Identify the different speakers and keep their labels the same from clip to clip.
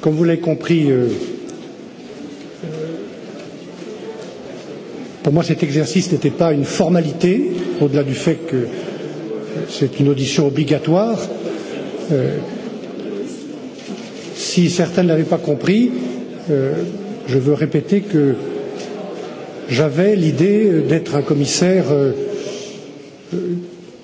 Speaker 1: comme vous l'avez compris, pour moi cet exercice n'était pas une formalité, au-delà du fait que c'est une audition obligatoire. si certains ne l'avaient pas compris, je veux répéter que j'avais l'idée d'être un commissaire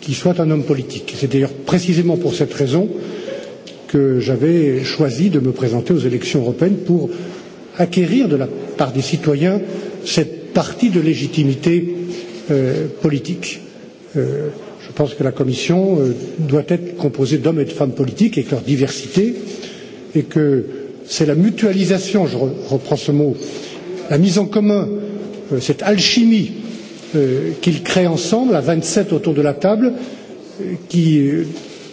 Speaker 1: qui soit un homme politique. C'est d'ailleurs précisément pour cette raison que que j'avais choisi de me présenter aux élections européennes pour acquérir de la part des citoyens cette partie de légitimité politique. je pense que la Commission doit être composée d'hommes et de femmes politiques avec leur diversité et que c'est la mutualisation je reprends ce mot la mise en commun cette alchimie qu'ils créent ensemble à vingt sept autour de la table qui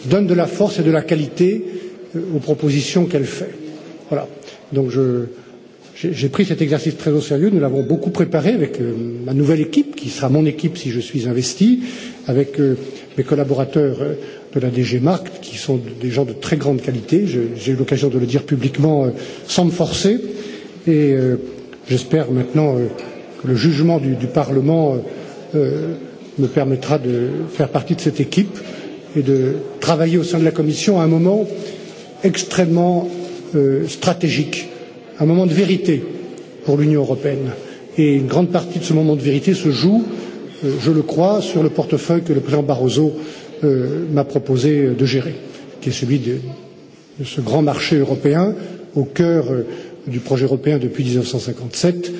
Speaker 1: donne de la force et de la qualité aux propositions qu'elle fait. Voilà. Donc je, j'ai pris cet exercice très au sérieux. Nous l'avons beaucoup préparé avec ma nouvelle équipe, qui sera mon équipe si je suis investi, avec mes collaborateurs de la DG MARC, qui sont des gens de très grande qualité. J'ai eu l'occasion de le dire publiquement sans me forcer. Et j'espère maintenant que le jugement du, Parlement me permettra de faire partie de cette équipe et de travailler au sein de la Commission à un moment où extrêmement stratégique, un moment de vérité pour l'Union européenne. Et une grande partie de ce moment de vérité se joue, je le crois, sur le portefeuille que le président Barroso m'a proposé de gérer, qui est celui de, ce grand marché européen au cœur du projet européen depuis mille neuf cent cinquante sept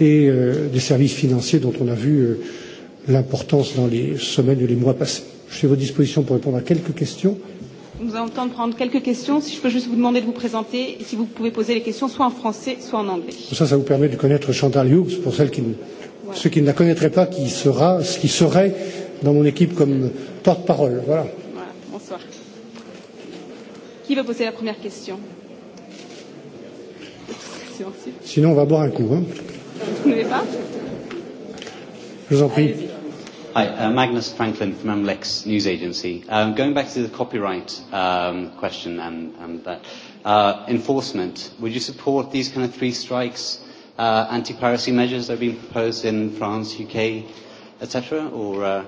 Speaker 1: et des services financiers dont on a vu l'importance dans les semaines et les mois passés. Je suis à votre disposition pour répondre à quelques questions nous allons le temps de prendre quelques questions. Si je peux juste vous demander de vous présenter et si vous pouvez poser les questions soit en français, soit en anglais. Ça, ça vous permet de connaître Chantal Hughes pour celles qui, voilà. ceux qui ne la connaîtraient pas, qui sera, ce qui serait dans mon équipe comme porte-parole. Voilà. voilà. Bonsoir. Qui veut poser la première question Sinon, on va boire un coup. Hein. Vous ne voulez pas Je vous en prie. Allez-y. Hi, uh, Magnus Franklin from MLEX News Agency. Um, going back to the copyright um, question and, and that uh, enforcement, would you support these kind of three strikes, uh, anti-piracy measures that have been proposed in France, UK, etc., or uh,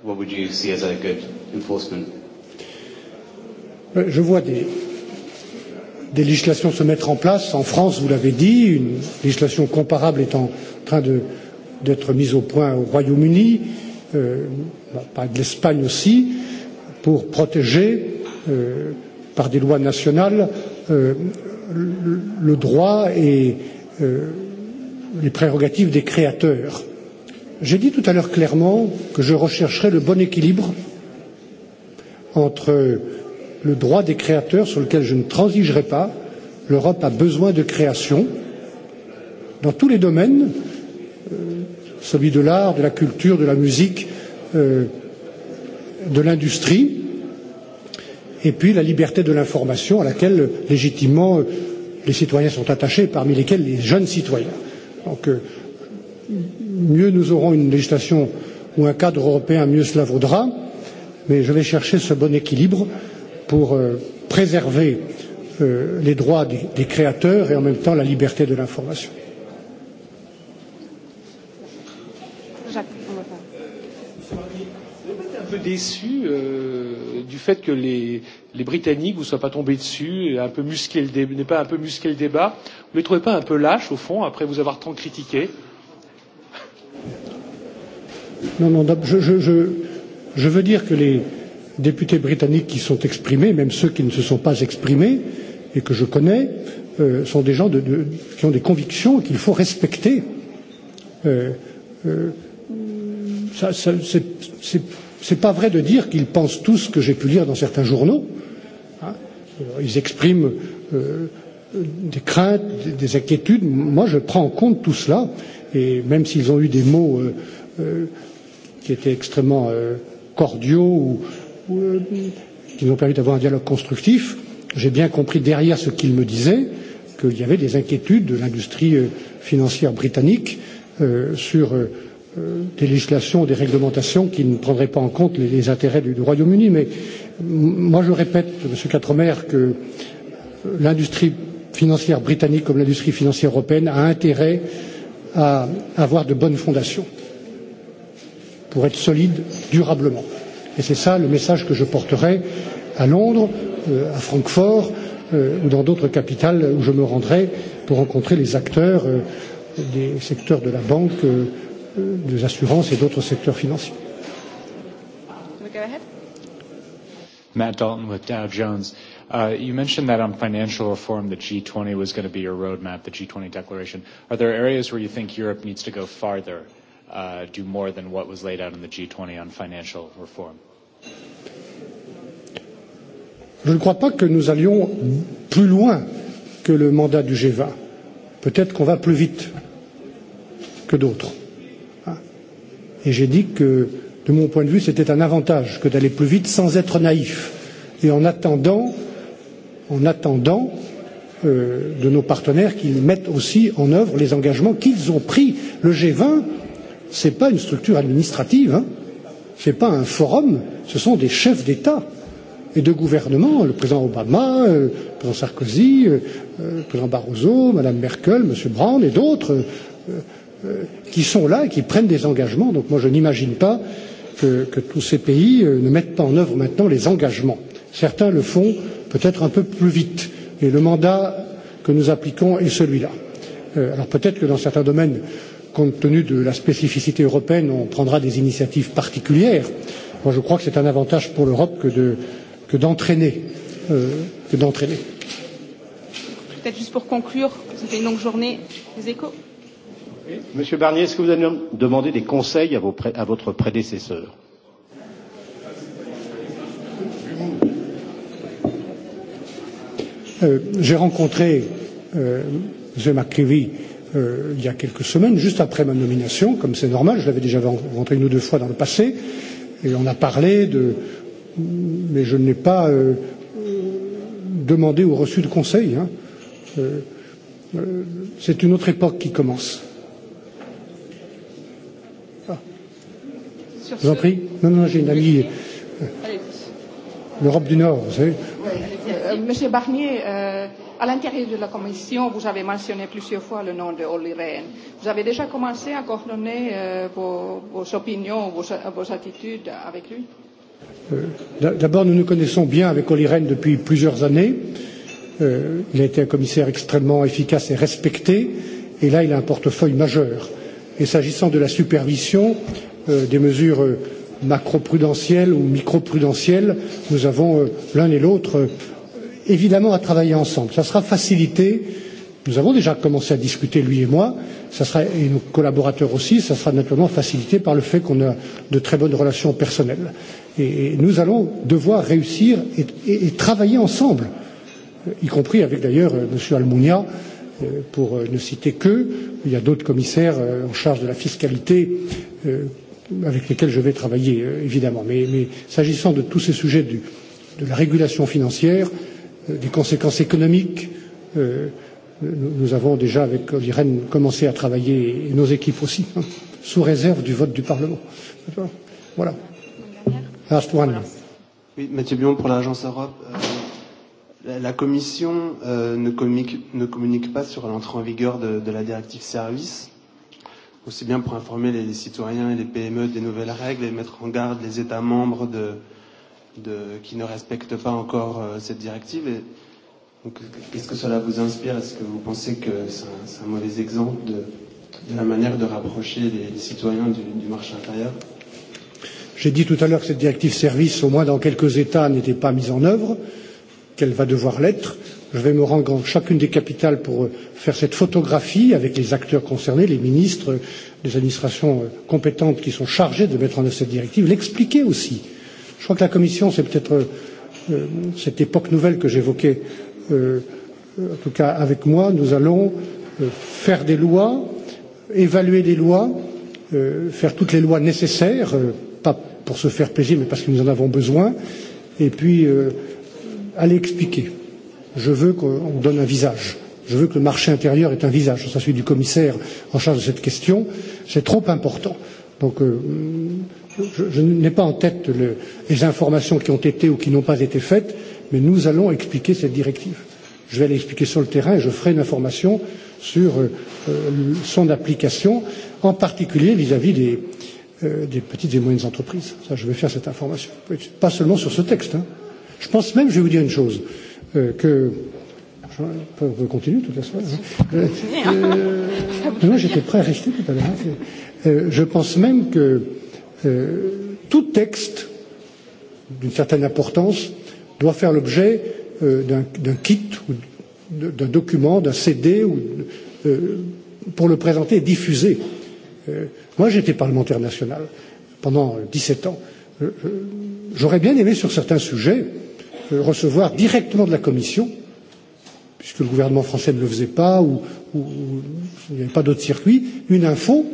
Speaker 1: what would you see as a good enforcement? Je vois des, des législations se mettre en place. En France, vous l'avez dit, une législation comparable est en train d'être mise au point au Royaume-Uni euh, de l'Espagne aussi, pour protéger euh, par des lois nationales euh, le droit et euh, les prérogatives des créateurs. J'ai dit tout à l'heure clairement que je rechercherais le bon équilibre entre le droit des créateurs sur lequel je ne transigerai pas. L'Europe a besoin de création dans tous les domaines celui de l'art, de la culture, de la musique, de l'industrie, et puis la liberté de l'information à laquelle légitimement les citoyens sont attachés, parmi lesquels les jeunes citoyens. Donc mieux nous aurons une législation ou un cadre européen, mieux cela vaudra, mais je vais chercher ce bon équilibre pour préserver les droits des créateurs et en même temps la liberté de l'information. déçu euh, du fait que les, les Britanniques ne vous soient pas tombés dessus, et un peu musqué le n'aient pas un peu musqué le débat Vous ne les trouvez pas un peu lâches, au fond, après vous avoir tant critiqué Non, non, je, je, je, je veux dire que les députés britanniques qui sont exprimés, même ceux qui ne se sont pas exprimés et que je connais, euh, sont des gens de, de, qui ont des convictions qu'il faut respecter. Euh, euh, ça, ça, c'est Ce n'est pas vrai de dire qu'ils pensent tous ce que j'ai pu lire dans certains journaux. Ils expriment des craintes, des inquiétudes. Moi, je prends en compte tout cela, et même s'ils ont eu des mots qui étaient extrêmement cordiaux ou qui nous ont permis d'avoir un dialogue constructif, j'ai bien compris derrière ce qu'ils me disaient qu'il y avait des inquiétudes de l'industrie financière britannique sur des législations, des réglementations qui ne prendraient pas en compte les, les intérêts du, du Royaume-Uni. Mais moi, je répète, Monsieur Quatremer, que l'industrie financière britannique comme l'industrie financière européenne a intérêt à avoir de bonnes fondations pour être solide durablement. Et c'est ça le message que je porterai à Londres, euh, à Francfort euh, ou dans d'autres capitales où je me rendrai pour rencontrer les acteurs euh, des secteurs de la banque. Euh, des assurances et d'autres secteurs financiers. Matt Dalton with Dow Jones. Uh, you mentioned that on financial reform, the G20 was going to be your roadmap, the G20 declaration. Are there areas where you think Europe needs to go farther, uh, do more than what was laid out in the G20 on financial reform? Je ne crois pas que nous allions plus loin que le mandat du G20. Peut-être qu'on va plus vite que d'autres. Et j'ai dit que, de mon point de vue, c'était un avantage que d'aller plus vite sans être naïf. Et en attendant, en attendant euh, de nos partenaires qu'ils mettent aussi en œuvre les engagements qu'ils ont pris. Le G20, ce n'est pas une structure administrative, hein. ce n'est pas un forum, ce sont des chefs d'État et de gouvernement, le président Obama, le président Sarkozy, le président Barroso, Mme Merkel, M. Brown et d'autres qui sont là et qui prennent des engagements. Donc moi, je n'imagine pas que, que tous ces pays ne mettent pas en œuvre maintenant les engagements. Certains le font peut-être un peu plus vite, mais le mandat que nous appliquons est celui-là. alors peut-être que dans certains domaines, compte tenu de la spécificité européenne, on prendra des initiatives particulières. Moi, je crois que c'est un avantage pour l'Europe que d'entraîner. que d'entraîner. Peut-être juste pour conclure, c'était une longue journée, des échos. Monsieur Barnier, est-ce que vous allez demander des conseils à, vos, à votre prédécesseur euh, J'ai rencontré euh, M. McCreevy euh, il y a quelques semaines, juste après ma nomination, comme c'est normal, je l'avais déjà rencontré une ou deux fois dans le passé, et on a parlé de. Mais je n'ai pas euh, demandé ou reçu de conseil. Hein. Euh, c'est une autre époque qui commence Je vous en prie. Non, non, j'ai une amie. L'Europe du Nord, vous savez. Monsieur Barnier, euh, à l'intérieur de la Commission, vous avez mentionné plusieurs fois le nom de Olli Rehn. Vous avez déjà commencé à coordonner euh, vos, vos opinions, vos, vos attitudes avec lui D'abord, nous nous connaissons bien avec Olli Rehn depuis plusieurs années. Euh, il a été un commissaire extrêmement efficace et respecté. Et là, il a un portefeuille majeur. Et s'agissant de la supervision, euh, des mesures macroprudentielles ou microprudentielles, nous avons l'un et l'autre évidemment à travailler ensemble. Ça sera facilité. Nous avons déjà commencé à discuter, lui et moi, ça sera, et nos collaborateurs aussi, ça sera naturellement facilité par le fait qu'on a de très bonnes relations personnelles. Et, et nous allons devoir réussir et, et, et travailler ensemble, y compris avec d'ailleurs M. Almunia, pour ne citer qu'eux. Il y a d'autres commissaires en charge de la fiscalité avec lesquels je vais travailler évidemment. Mais, mais s'agissant de tous ces sujets du, de la régulation financière, euh, des conséquences économiques, euh, nous, nous avons déjà avec l'IREN commencé à travailler, et nos équipes aussi, hein, sous réserve du vote du Parlement. Voilà. Last one. Oui, Mathieu Bion pour l'Agence Europe. Euh, la Commission euh, ne, communique, ne communique pas sur l'entrée en vigueur de, de la directive service. Euh, aussi bien pour informer les, les citoyens et les PME des nouvelles règles et mettre en garde les États membres de, de, qui ne respectent pas encore euh, cette directive. Et, Qu'est-ce que cela vous inspire Est-ce que vous pensez que c'est un, un mauvais exemple de, de la manière de rapprocher les, les citoyens du, du marché intérieur J'ai dit tout à l'heure que cette directive service, au moins dans quelques États, n'était pas mise en œuvre, qu'elle va devoir l'être. Je vais me rendre dans chacune des capitales pour faire cette photographie avec les acteurs concernés, les ministres, les administrations compétentes qui sont chargées de mettre en œuvre cette directive, l'expliquer aussi. Je crois que la Commission, c'est peut-être cette époque nouvelle que j'évoquais, en tout cas avec moi, nous allons faire des lois, évaluer les lois, faire toutes les lois nécessaires, pas pour se faire plaisir, mais parce que nous en avons besoin, et puis aller expliquer je veux qu'on donne un visage. Je veux que le marché intérieur ait un visage. Ça, suis du commissaire en charge de cette question. C'est trop important. Donc, euh, je, je n'ai pas en tête le, les informations qui ont été ou qui n'ont pas été faites, mais nous allons expliquer cette directive. Je vais l'expliquer sur le terrain et je ferai une information sur euh, son application, en particulier vis-à-vis des, euh, des petites et moyennes entreprises. Ça, je vais faire cette information. Pas seulement sur ce texte. Hein. Je pense même, je vais vous dire une chose, que on continuer toute la soirée. Euh, non, j'étais prêt à rester tout à l'heure. Euh, je pense même que euh, tout texte d'une certaine importance doit faire l'objet euh, d'un kit ou d'un document, d'un CD ou, euh, pour le présenter et diffuser. Euh, moi, j'étais parlementaire national pendant 17 ans. J'aurais bien aimé sur certains sujets euh, recevoir directement de la Commission, puisque le gouvernement français ne le faisait pas ou, il n'y avait pas d'autre circuit, une info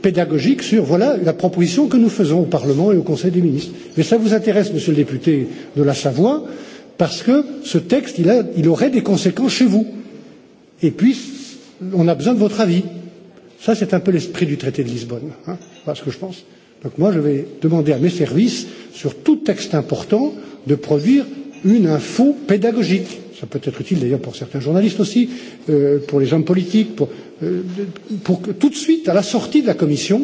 Speaker 1: pédagogique sur voilà la proposition que nous faisons au Parlement et au Conseil des ministres. Mais cela vous intéresse, monsieur le député de la Savoie, parce que ce texte aurait des conséquences chez vous. Et puis, on a besoin de votre avis. Ça, c'est un peu l'esprit du traité de Lisbonne. Hein. Voilà ce que je pense. Donc moi, je vais demander à mes services, sur tout texte important, de produire une info pédagogique. Ça peut être utile d'ailleurs pour certains journalistes aussi, euh, pour les hommes politiques, pour, euh, pour que tout de suite, à la sortie de la commission,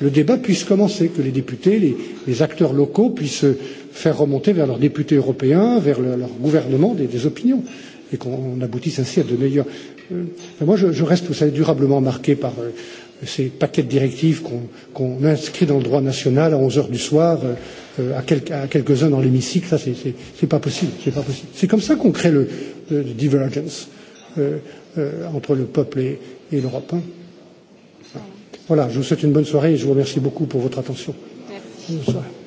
Speaker 1: le débat puisse commencer, que les députés, les, les acteurs locaux puissent faire remonter vers leurs députés européens, vers le, leur gouvernement des, des opinions, et qu'on aboutisse ainsi à de meilleurs. Euh, moi, je, je reste, vous savez, durablement marqué par. Euh, ces paquets de directives qu'on qu inscrit dans le droit national à 11 heures du soir euh, à, quel, à quelques-uns dans l'hémicycle. Ça, c'est pas possible. C'est pas possible. C'est comme ça qu'on crée le, le divergence euh, euh, entre le peuple et, et l'Europe. Hein. Voilà. Je vous souhaite une bonne soirée et je vous remercie beaucoup pour votre attention. Merci. Bonne soirée.